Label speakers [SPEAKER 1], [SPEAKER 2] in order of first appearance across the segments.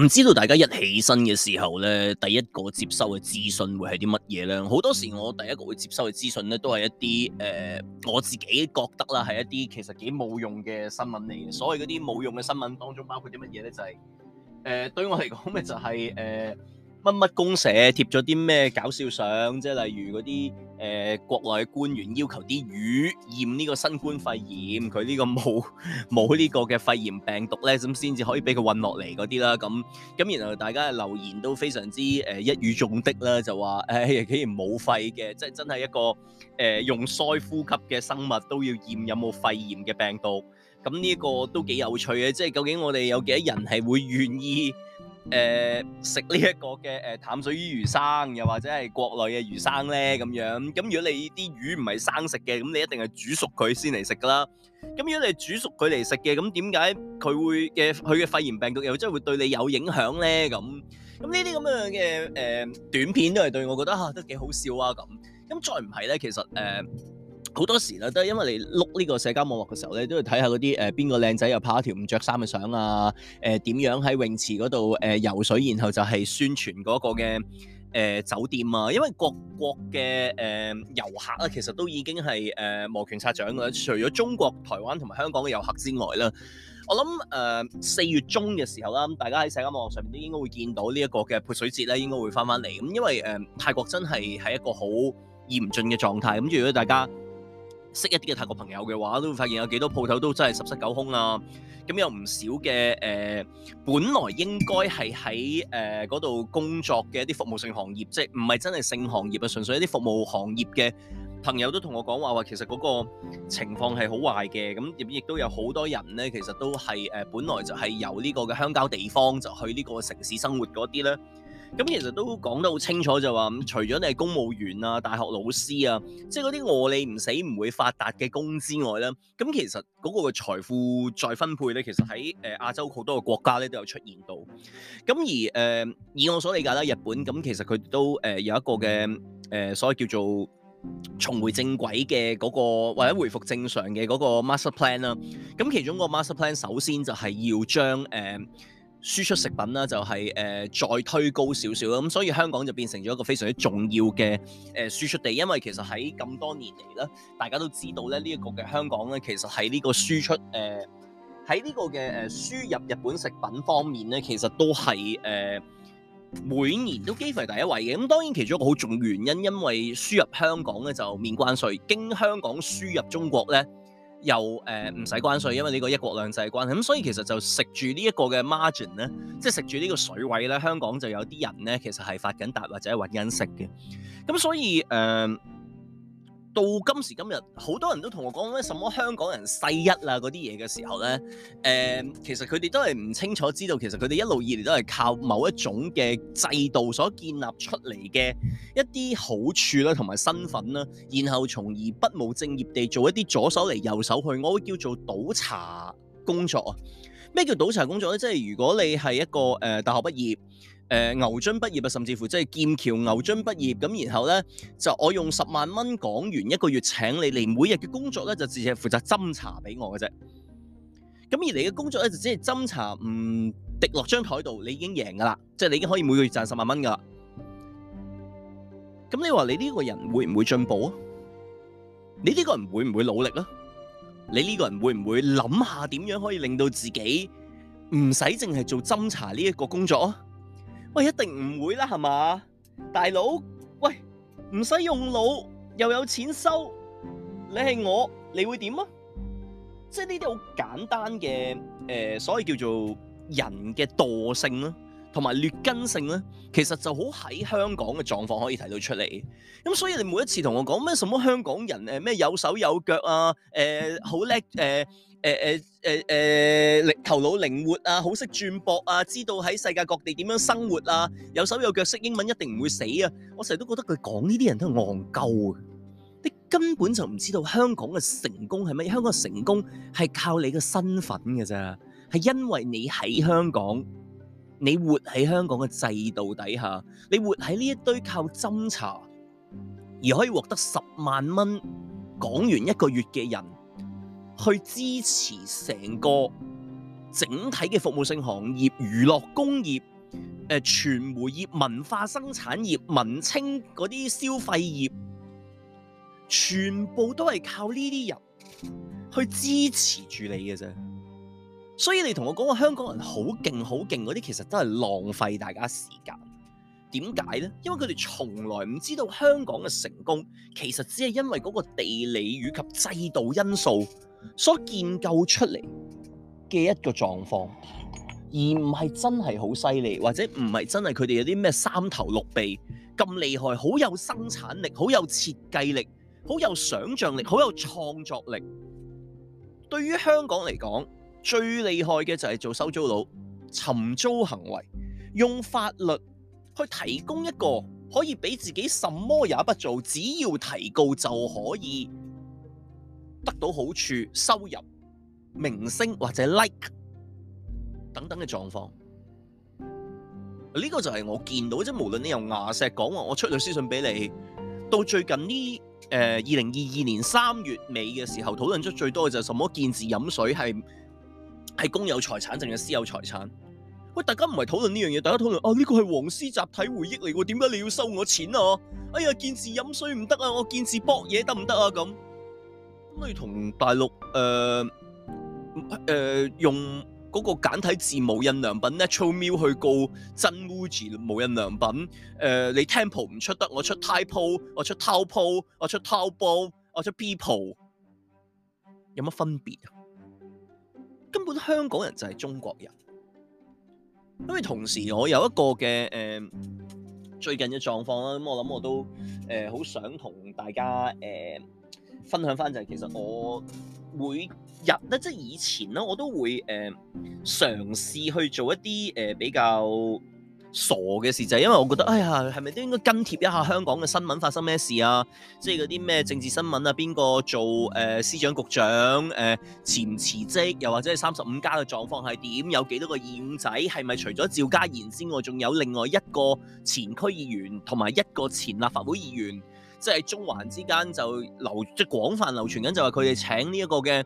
[SPEAKER 1] 唔知道大家一起身嘅時候咧，第一個接收嘅資訊會係啲乜嘢咧？好多時我第一個會接收嘅資訊咧，都係一啲誒，我自己覺得啦，係一啲其實幾冇用嘅新聞嚟嘅。所謂嗰啲冇用嘅新聞當中，包括啲乜嘢咧？就係、是、誒、呃，對我嚟講咪就係、是、誒。呃乜乜公社貼咗啲咩搞笑相，即係例如嗰啲、呃、國內嘅官員要求啲魚驗呢個新冠肺炎，佢呢個冇冇呢個嘅肺炎病毒咧，咁先至可以俾佢運落嚟嗰啲啦。咁咁然後大家留言都非常之、呃、一語中的啦，就話誒竟然冇肺嘅，即係真係一個、呃、用腮呼吸嘅生物都要驗有冇肺炎嘅病毒，咁呢個都幾有趣嘅，即係究竟我哋有幾多人係會願意？誒，食呢一個嘅誒、呃、淡水魚生的或者是國的魚生呢，又或者係國內嘅魚生咧，咁樣咁。如果你啲魚唔係生食嘅，咁你一定係煮熟佢先嚟食噶啦。咁如果你煮熟佢嚟食嘅，咁點解佢會嘅佢嘅肺炎病毒又真係會對你有影響咧？咁咁呢啲咁樣嘅誒、呃、短片都係對我覺得吓、啊、都幾好笑啊！咁咁再唔係咧，其實誒。呃好多時咧都係因為你碌呢個社交網絡嘅時候咧，你都要睇下嗰啲誒邊個靚仔又拍一條唔着衫嘅相啊！誒、呃、點樣喺泳池嗰度誒游水，然後就係宣傳嗰個嘅誒、呃、酒店啊！因為各國嘅誒、呃、遊客咧、啊，其實都已經係誒摩拳擦掌啦。除咗中國、台灣同埋香港嘅遊客之外咧，我諗誒四月中嘅時候啦，大家喺社交網絡上面都應該會見到呢一個嘅潑水節咧，應該會翻翻嚟咁，因為誒、呃、泰國真係喺一個好嚴峻嘅狀態咁。如果大家，識一啲嘅泰國朋友嘅話，都會發現有幾多鋪頭都真係十室九空啊。咁有唔少嘅誒、呃，本來應該係喺誒嗰度工作嘅一啲服務性行業，即係唔係真係性行業啊？純粹係一啲服務行業嘅朋友都同我講話話，其實嗰個情況係好壞嘅。咁入邊亦都有好多人咧，其實都係誒、呃、本來就係由呢個嘅鄉郊地方就去呢個城市生活嗰啲咧。咁其實都講得好清楚就，就話除咗你係公務員啊、大學老師啊，即係嗰啲餓你唔死唔會發達嘅工之外咧，咁其實嗰個嘅財富再分配咧，其實喺誒亞洲好多個國家咧都有出現到。咁而誒、呃，以我所理解啦，日本咁其實佢都誒有一個嘅誒、呃，所謂叫做重回正軌嘅嗰個或者回復正常嘅嗰個 master plan 啦。咁其中個 master plan 首先就係要將誒、呃輸出食品啦、就是，就係誒再推高少少啦，咁所以香港就變成咗一個非常之重要嘅誒、呃、輸出地，因為其實喺咁多年嚟咧，大家都知道咧呢一個嘅香港咧，其實喺呢個輸出誒喺呢個嘅誒輸入日本食品方面咧，其實都係誒、呃、每年都幾乎係第一位嘅。咁當然其中一個好重要原因，因為輸入香港咧就免關稅，經香港輸入中國咧。又誒唔使關稅，因為呢個一國兩制關係，咁、嗯、所以其實就食住呢一個嘅 margin 咧，即係食住呢個水位咧，香港就有啲人咧，其實係發緊達或者係揾緊食嘅，咁、嗯、所以誒。呃到今時今日，好多人都同我講咩什麼香港人世一啦嗰啲嘢嘅時候呢，嗯、其實佢哋都係唔清楚知道，其實佢哋一路以嚟都係靠某一種嘅制度所建立出嚟嘅一啲好處啦，同埋身份啦，然後從而不務正業地做一啲左手嚟右手去，我會叫做倒茶工作啊。咩叫倒茶工作呢？即係如果你係一個、呃、大學畢業。誒，牛津畢業啊，甚至乎即係劍橋牛津畢業。咁然後咧，就我用十萬蚊港元一個月，請你嚟每日嘅工作咧，就只係負責斟茶俾我嘅啫。咁而你嘅工作咧，就只係斟茶唔、嗯、滴落張台度，你已經贏噶啦，即、就、係、是、你已經可以每個月賺十萬蚊噶啦。咁你話你呢個人會唔會進步啊？你呢個人會唔會努力啊？你呢個人會唔會諗下點樣可以令到自己唔使淨係做斟茶呢一個工作啊？喂，一定唔會啦，係嘛，大佬？喂，唔使用，用腦又有錢收，你係我，你會點啊？即係呢啲好簡單嘅、呃，所謂叫做人嘅惰性啦，同埋劣根性啦，其實就好喺香港嘅狀況可以睇到出嚟。咁、嗯、所以你每一次同我講咩什,什麼香港人咩有手有腳啊，好叻誒。誒誒誒誒，靈頭腦靈活啊，好識轉博啊，知道喺世界各地點樣生活啊，有手有腳識英文一定唔會死啊！我成日都覺得佢講呢啲人都係戇鳩啊！你根本就唔知道香港嘅成功係咩？香港成功係靠你嘅身份㗎啫，係因為你喺香港，你活喺香港嘅制度底下，你活喺呢一堆靠斟茶而可以獲得十萬蚊港元一個月嘅人，去支持成個整體嘅服務性行業、娛樂工業、誒、呃、傳媒業、文化生產業、文青嗰啲消費業，全部都係靠呢啲人去支持住你嘅啫。所以你同我講話香港人好勁、好勁嗰啲，其實都係浪費大家時間。點解呢？因為佢哋從來唔知道香港嘅成功，其實只係因為嗰個地理以及制度因素。所建構出嚟嘅一個狀況，而唔係真係好犀利，或者唔係真係佢哋有啲咩三頭六臂咁厲害，好有生產力，好有設計力，好有想象力，好有創作力。對於香港嚟講，最厲害嘅就係做收租佬、尋租行為，用法律去提供一個可以俾自己什麼也不做，只要提告就可以。得到好處、收入、明星或者 like 等等嘅狀況，呢、這個就係我見到，即係無論你用牙石講話，說我出咗私信俾你，到最近呢誒二零二二年三月尾嘅時候討論出最多嘅就係什麼見字飲水係係公有財產定係私有財產？喂，大家唔係討論呢樣嘢，大家討論啊呢、這個係黃絲集體回憶嚟喎，點解你要收我錢啊？哎呀，見字飲水唔得啊，我見字搏嘢得唔得啊咁？咁你同大陸誒誒、呃呃、用嗰個簡體字無印良品 natural、Milk、去告真 Muji 無印良品誒、呃、你 temple 唔出得，我出 type，o, 我出 top，o 我出 top，我,我出 people 有乜分別啊？根本香港人就係中國人，因為同時我有一個嘅誒、呃、最近嘅狀況啦，咁我諗我都誒好想同大家誒。呃分享翻就係其實我每日咧，即係以前咧，我都會、呃、嘗試去做一啲、呃、比較傻嘅事，就係因為我覺得，哎呀，係咪都應該跟貼一下香港嘅新聞發生咩事啊？即係嗰啲咩政治新聞啊？邊個做誒、呃、司長、局長、呃、前辭職，又或者係三十五家嘅狀況係點？有幾多個議員仔？係咪除咗趙家賢之外，仲有另外一個前區議員同埋一個前立法會議員？即係中環之間就流即係廣泛流傳緊，就係佢哋請呢一個嘅誒、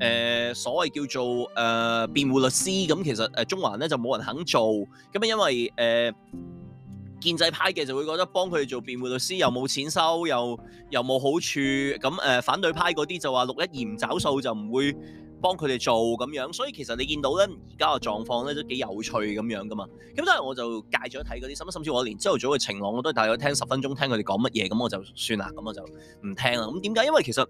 [SPEAKER 1] 呃、所謂叫做誒、呃、辯護律師，咁其實誒中環咧就冇人肯做，咁啊因為誒。呃建制派嘅就會覺得幫佢哋做辯護律師又冇錢收，又又冇好處。咁、呃、誒，反對派嗰啲就話六一二唔找數就唔會幫佢哋做咁樣。所以其實你見到咧，而家嘅狀況咧都幾有趣咁樣噶嘛。咁所以我就戒咗睇嗰啲，甚甚至我連朝頭早嘅晴朗我都係大概聽十分鐘聽他們什麼，聽佢哋講乜嘢，咁我就算啦，咁我就唔聽啦。咁點解？因為其實。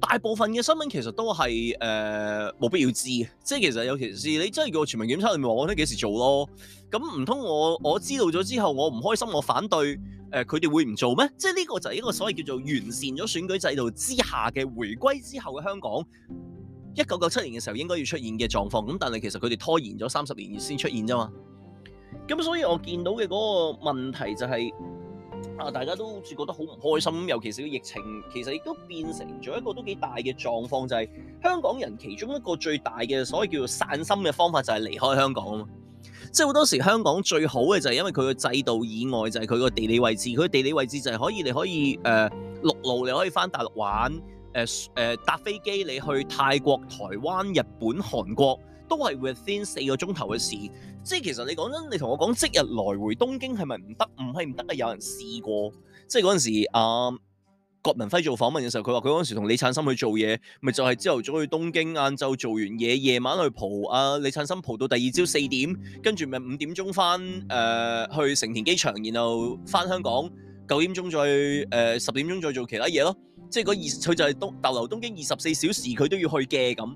[SPEAKER 1] 大部分嘅新聞其實都係誒冇必要知嘅，即係其實有其事，你真係個全民檢測，你咪話我聽幾時做咯？咁唔通我我知道咗之後，我唔開心，我反對誒，佢、呃、哋會唔做咩？即係呢個就係一個所謂叫做完善咗選舉制度之下嘅回歸之後嘅香港，一九九七年嘅時候應該要出現嘅狀況，咁但係其實佢哋拖延咗三十年先出現啫嘛。咁所以我見到嘅嗰個問題就係、是。啊！大家都好似覺得好唔開心，尤其是個疫情，其實亦都變成咗一個都幾大嘅狀況，就係、是、香港人其中一個最大嘅所謂叫做散心嘅方法就係離開香港啊！即係好多時香港最好嘅就係因為佢個制度以外就係佢個地理位置，佢地理位置就係可以你可以誒、呃、陸路你可以翻大陸玩，搭、呃呃、飛機你去泰國、台灣、日本、韓國。都係 within 四個鐘頭嘅事，即係其實你講真，你同我講即日來回東京係咪唔得？唔係唔得嘅，有人試過，即係嗰陣時啊，郭、呃、文輝做訪問嘅時候，佢話佢嗰陣時同李燦森去做嘢，咪就係朝頭早去東京，晏晝做完嘢，夜晚去蒲啊，李燦森蒲到第二朝四點，跟住咪五點鐘翻誒去成田機場，然後翻香港九點鐘再誒十、呃、點鐘再做其他嘢咯，即係嗰二佢就係逗留東京二十四小時，佢都要去嘅咁。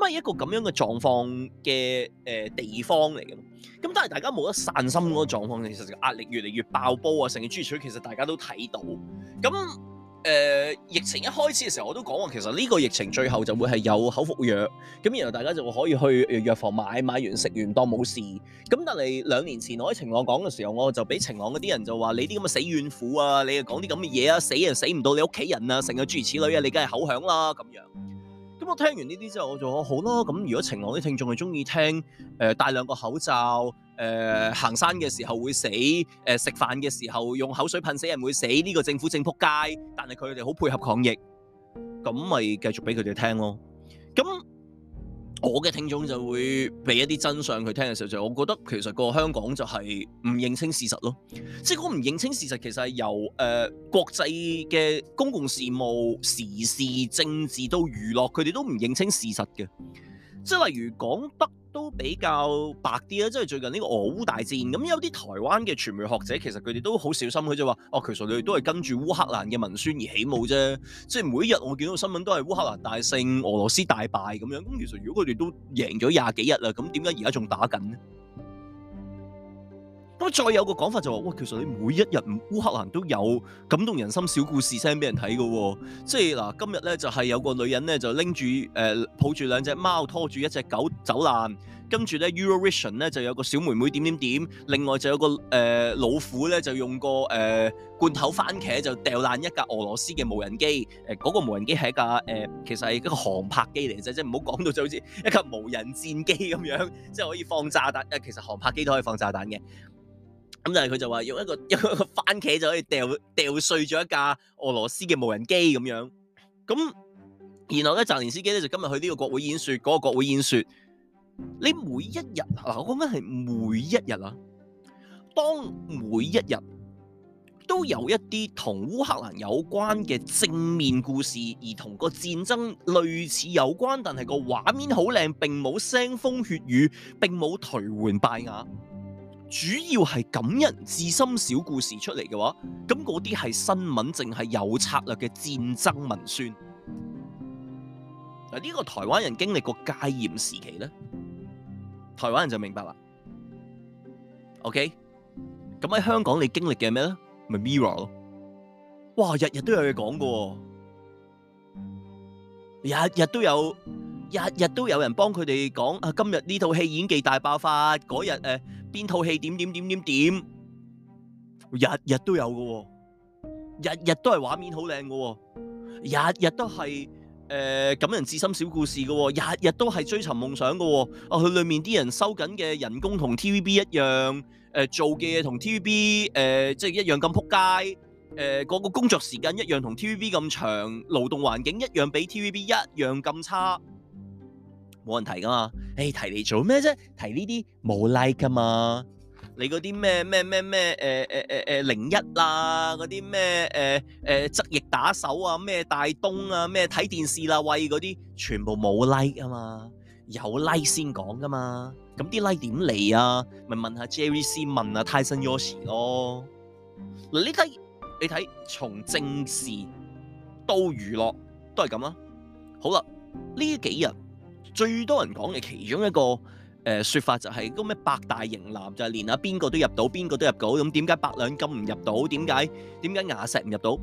[SPEAKER 1] 咁係一個咁樣嘅狀況嘅誒、呃、地方嚟嘅，咁但係大家冇得散心嗰個狀況，其實壓力越嚟越爆煲啊！成日諸如此類，其實大家都睇到。咁、嗯、誒、呃、疫情一開始嘅時候，我都講話其實呢個疫情最後就會係有口服藥，咁然後大家就可以去、呃、藥房買，買完食完當冇事。咁但係兩年前我喺晴朗講嘅時候，我就俾晴朗嗰啲人就話：你啲咁嘅死怨婦啊，你又講啲咁嘅嘢啊，死人死唔到你屋企人啊，成日諸如此類啊，3，你梗係口響啦咁樣。我聽完呢啲之後，我就話好咯。咁如果晴朗啲聽眾係中意聽，誒、呃、戴兩個口罩，誒、呃、行山嘅時候會死，誒、呃、食飯嘅時候用口水噴死人會死，呢、這個政府正仆街，但係佢哋好配合抗疫，咁咪繼續俾佢哋聽咯。咁、嗯我嘅聽眾就會俾一啲真相佢聽嘅時候，就我覺得其實個香港就係唔認清事實咯。即係我唔認清事實，其實係由誒、呃、國際嘅公共事務、時事政治到娛樂，佢哋都唔認清事實嘅。即係例如講北。都比較白啲啦，即係最近呢個俄烏大戰，咁有啲台灣嘅傳媒學者，其實佢哋都好小心，佢就話，哦，其實你哋都係跟住烏克蘭嘅文宣而起舞啫，即係每一日我見到新聞都係烏克蘭大勝，俄羅斯大敗咁樣，咁其實如果佢哋都贏咗廿幾日啦，咁點解而家仲打緊呢？咁再有個講法就話、是，哇！其實你每一日烏克蘭都有感動人心小故事 send 俾人睇嘅喎。即係嗱，今日咧就係、是、有個女人咧就拎住誒抱住兩隻貓，拖住一隻狗走難。跟住咧，Eurovision 咧就有個小妹妹點點點。另外就有個誒、呃、老虎咧就用個誒、呃、罐頭番茄就掉爛一架俄羅斯嘅無人機。誒、呃、嗰、那個無人機係一架誒、呃，其實係一個航拍機嚟嘅啫，即係唔好講到就好似一架無人戰機咁樣，即、就、係、是、可以放炸彈。誒、呃、其實航拍機都可以放炸彈嘅。咁就係佢就話用一個用一個番茄就可以掉掉碎咗一架俄羅斯嘅無人機咁樣。咁然後咧，澤連斯基咧就今日去呢個國會演說，嗰、那個國會演說，你每一日嗱，我講緊係每一日啊，當每一日都有一啲同烏克蘭有關嘅正面故事，而同個戰爭類似有關，但係個畫面好靚，並冇腥風血雨，並冇頹垣敗瓦。主要係感人至深小故事出嚟嘅話，咁嗰啲係新聞，淨係有策略嘅戰爭文宣。嗱，呢個台灣人經歷過戒嚴時期咧，台灣人就明白啦。OK，咁喺香港你經歷嘅咩咧？咪 Mirror 咯，哇，日日都有嘢講嘅，日日都有，日日都有人幫佢哋講啊。今日呢套戲演技大爆發，嗰日誒。呃邊套戲點點點點點，日日都有嘅、哦，日日都係畫面好靚嘅，日日都係誒、呃、感人至深小故事嘅、哦，日日都係追尋夢想嘅、哦。啊、哦，佢裏面啲人收緊嘅人工同 TVB 一樣，誒、呃、做嘅嘢同 TVB 誒即係一樣咁撲街，誒、呃、個工作時間一樣同 TVB 咁長，勞動環境一樣比 TVB 一樣咁差。冇人提噶嘛？誒、欸、提你做咩啫？提呢啲冇 like 噶嘛？你嗰啲咩咩咩咩誒誒誒誒零一啦，嗰啲咩誒誒側翼打手啊，咩大東啊，咩睇電視啦、啊，喂嗰啲全部冇 like 啊嘛，有 like 先講噶嘛。咁啲 like 點嚟啊？咪問下 JVC 問啊 Tyson Yoshi 咯。嗱，呢睇你睇，從政事到娛樂都係咁啊。好啦，呢幾日。最多人講嘅其中一個誒説、呃、法就係嗰咩百大型男就係、是、連阿邊個都入到，邊個都入到，咁點解百兩金唔入到？點解點解亞石唔入到？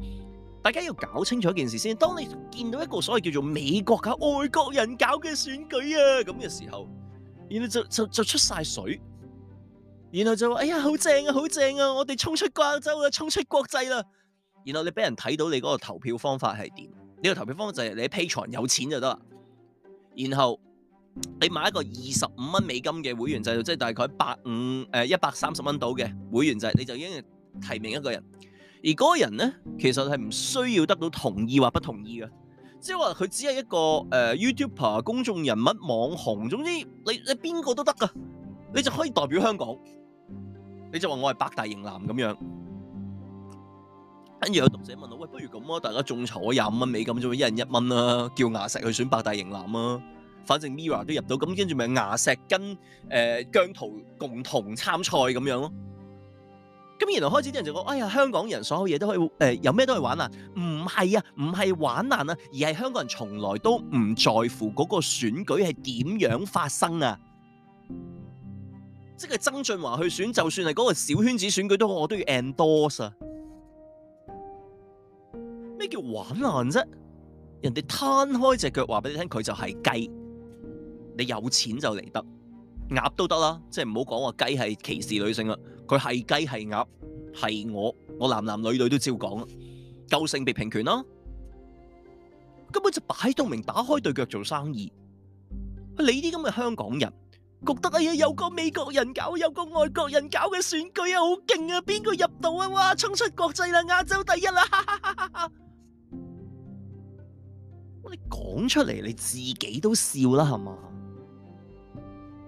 [SPEAKER 1] 大家要搞清楚一件事先。當你見到一個所謂叫做美國嘅外國人搞嘅選舉啊咁嘅時候，然後就就就，就出晒水，然後就話：哎呀，好正啊，好正啊！我哋衝出瓜洲啦，衝出國際啦。然後你俾人睇到你嗰個投票方法係點？你、這個投票方法就係你的 Patreon 有錢就得啦。然後你買一個二十五蚊美金嘅會員制度，即係大概百五、誒一百三十蚊到嘅會員制，你就已經提名一個人。而嗰個人咧，其實係唔需要得到同意或不同意嘅，即係話佢只係一個誒、呃、YouTuber 公眾人物、網紅，總之你你邊個都得噶，你就可以代表香港，你就話我係百大型男咁樣。跟住有讀者問我：喂，不如咁啊，大家眾籌廿五蚊美金啫一人一蚊啦、啊，叫亞石去選百大型男啊，反正 Mirror 都入到，咁跟住咪亞石跟誒、呃、姜濤共同參賽咁樣咯。咁原來開始啲人就講：哎呀，香港人所有嘢都可以誒、呃，有咩都可以玩啊！唔係啊，唔係玩難啊，而係香港人從來都唔在乎嗰個選舉係點樣發生啊！即係曾俊華去選，就算係嗰個小圈子選舉，都好，我都要 endorse 啊！咩叫玩爛啫？人哋攤開隻腳話俾你聽，佢就係雞。你有錢就嚟得，鴨都得啦。即係唔好講話雞係歧視女性啦，佢係雞係鴨係我，我男男女女都照講啊。救性別平權啦，根本就擺到明，打開對腳做生意。你啲咁嘅香港人覺得啊，哎呀，有個美國人搞，有個外國人搞嘅選舉啊，好勁啊！邊個入到啊？哇，衝出國際啦，亞洲第一啦！哈哈哈哈你講出嚟，你自己都笑啦，係嘛？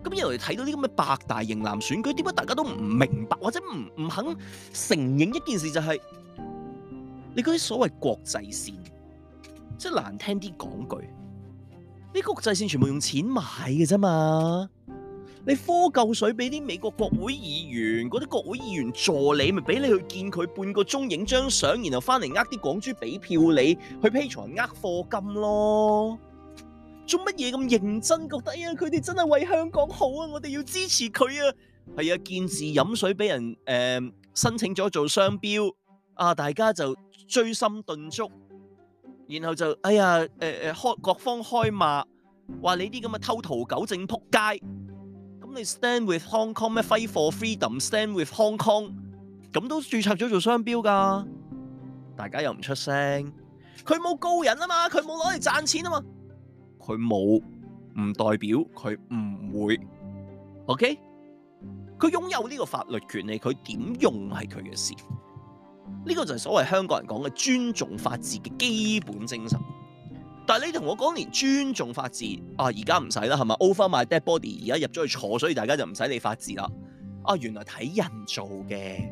[SPEAKER 1] 咁而我睇到啲咁嘅百大型男選舉，點解大家都唔明白或者唔唔肯承認一件事，就是，就係你嗰啲所謂國際線，即係難聽啲講句，呢、這個，國際線全部用錢買嘅啫嘛。你科舊水俾啲美國國會議員，嗰啲國會議員助理咪俾你去見佢半個鐘影張相，然後翻嚟呃啲港豬俾票你去 Patreon 呃貨金咯。做乜嘢咁認真覺得、哎、呀，佢哋真係為香港好啊！我哋要支持佢啊！係啊，見字飲水俾人誒、呃、申請咗做商標啊，大家就追心頓足，然後就哎呀誒誒開各方開罵，話你啲咁嘅偷圖狗正仆街。咁你 stand with Hong Kong 咩？Fight for freedom，stand with Hong Kong，咁都註冊咗做商標噶，大家又唔出聲，佢冇告人啊嘛，佢冇攞嚟賺錢啊嘛，佢冇，唔代表佢唔會，OK？佢擁有呢個法律權利，佢點用係佢嘅事，呢個就係所謂香港人講嘅尊重法治嘅基本精神。但你同我講連尊重法治啊，而家唔使啦，係咪？Over my dead body，而家入咗去坐，所以大家就唔使理法治啦。啊，原來睇人做嘅。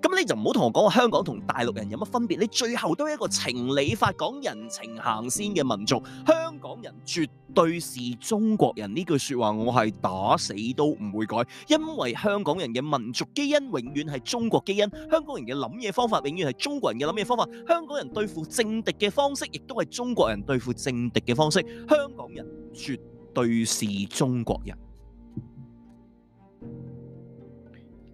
[SPEAKER 1] 咁你就唔好同我講話香港同大陸人有乜分別，你最後都係一個情理法講人情行先嘅民族，香港人絕對是中國人，呢句說話，我係打死都唔會改，因為香港人嘅民族基因永遠係中國基因，香港人嘅諗嘢方法永遠係中國人嘅諗嘢方法，香港人對付政敵嘅方式亦都係中國人對付政敵嘅方式，香港人絕對是中國人。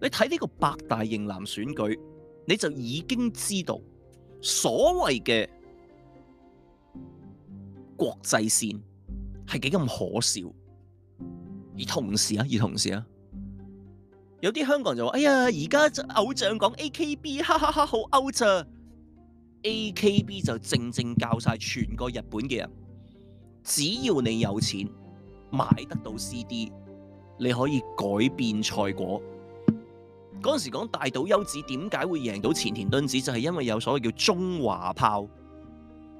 [SPEAKER 1] 你睇呢個百大型男選舉，你就已經知道所謂嘅國際線係幾咁可笑。而同時啊，而同時啊，有啲香港人就話：，哎呀，而家偶像講 A K B，哈哈哈，好 out 㗎 A K B 就正正教晒全個日本嘅人，只要你有錢買得到 C D，你可以改變賽果。嗰陣時講大島優子點解會贏到前田敦子，就係、是、因為有所謂叫中華炮，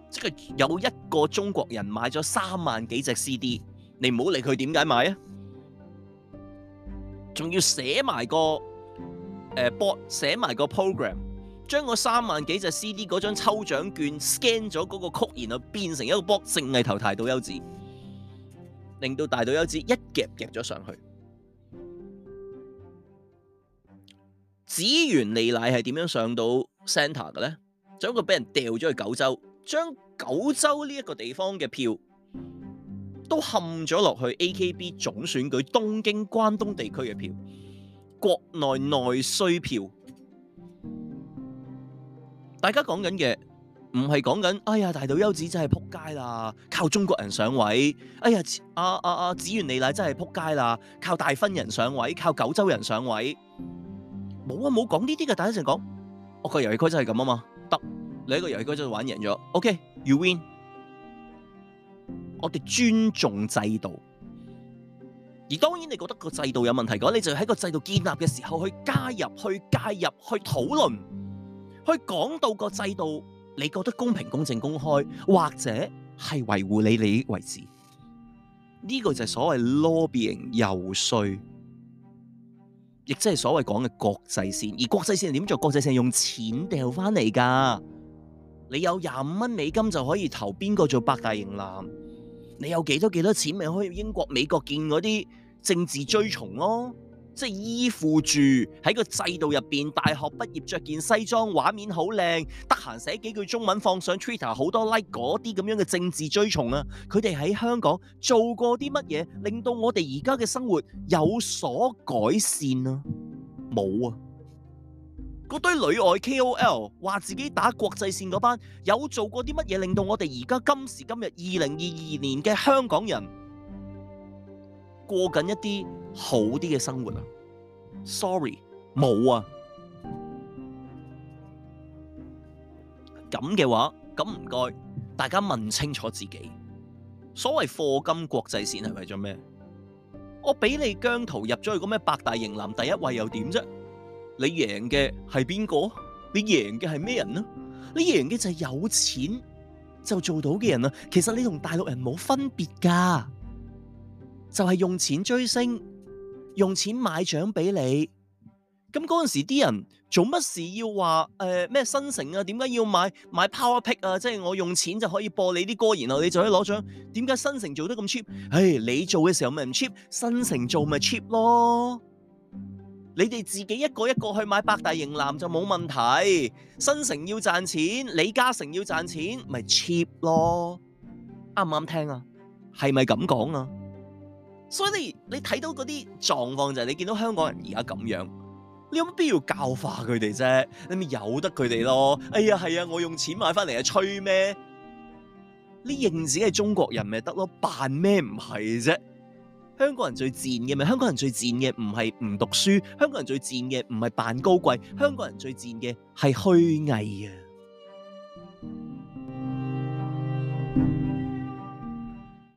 [SPEAKER 1] 即、就、係、是、有一個中國人買咗三萬幾隻 CD，你唔好理佢點解買啊，仲要寫埋個誒 bot，呃、寫埋個 program，將個三萬幾隻 CD 嗰張抽獎券 scan 咗嗰個曲，然後變成一個 bot，淨係投大島優子，令到大島優子一夾夾咗上去。紫原莉乃係點樣上到 center 嘅咧？就一個俾人掉咗去九州，將九州呢一個地方嘅票都冚咗落去 AKB 總選舉東京關東地區嘅票，國內內需票。大家講緊嘅唔係講緊，哎呀大島優子真係撲街啦，靠中國人上位。哎呀阿阿阿指原莉乃真係撲街啦，靠大分人上位，靠九州人上位。冇啊，冇講呢啲噶，第一成講，我個遊戲規則係咁啊嘛，得你喺個遊戲規則玩贏咗，OK，you win。我哋尊重制度，而當然你覺得個制度有問題，嘅話，你就喺個制度建立嘅時候去加入、去介入、去討論、去講到個制度，你覺得公平、公正、公開，或者係維護你你位置，呢個就係所謂 lobbying 遊說。亦即係所謂講嘅國際線，而國際線點做？國際線係用錢掉返嚟㗎。你有廿五蚊美金就可以投邊個做百大型男？你有幾多幾多錢咪可以去英國美國見嗰啲政治追從咯。即係依附住喺個制度入邊，大學畢業着件西裝，畫面好靚，得閒寫幾句中文放上 Twitter 好多 like 嗰啲咁樣嘅政治追從啊！佢哋喺香港做過啲乜嘢，令到我哋而家嘅生活有所改善啊？冇啊！嗰堆女外 KOL 話自己打國際線嗰班，有做過啲乜嘢，令到我哋而家今時今日二零二二年嘅香港人？過緊一啲好啲嘅生活啊？Sorry，冇啊。咁嘅話，咁唔該，大家問清楚自己。所謂課金國際線係為咗咩？我俾你姜濤入咗去個咩百大型男第一位又點啫？你贏嘅係邊個？你贏嘅係咩人呢？你贏嘅就係有錢就做到嘅人啊！其實你同大陸人冇分別噶。就係用錢追星，用錢買獎俾你。咁嗰陣時啲人做乜事要話咩？呃、新城啊，點解要買買 Power Pick 啊？即、就、係、是、我用錢就可以播你啲歌，然後你就可以攞獎。點解新城做得咁 cheap？哎、你做嘅時候咪唔 cheap，新城做咪 cheap 咯。你哋自己一個一個去買百大型男就冇問題。新城要賺錢，李嘉誠要賺錢咪 cheap 咯。啱唔啱聽啊？係咪咁講啊？所以你你睇到嗰啲狀況就係你見到香港人而家咁樣，你有乜必要教化佢哋啫？你咪由得佢哋咯。哎呀，係啊，我用錢買翻嚟啊，吹咩？你認自己係中國人咪得咯，扮咩唔係啫？香港人最賤嘅咪，香港人最賤嘅唔係唔讀書。香港人最賤嘅唔係扮高貴，香港人最賤嘅係虛偽啊！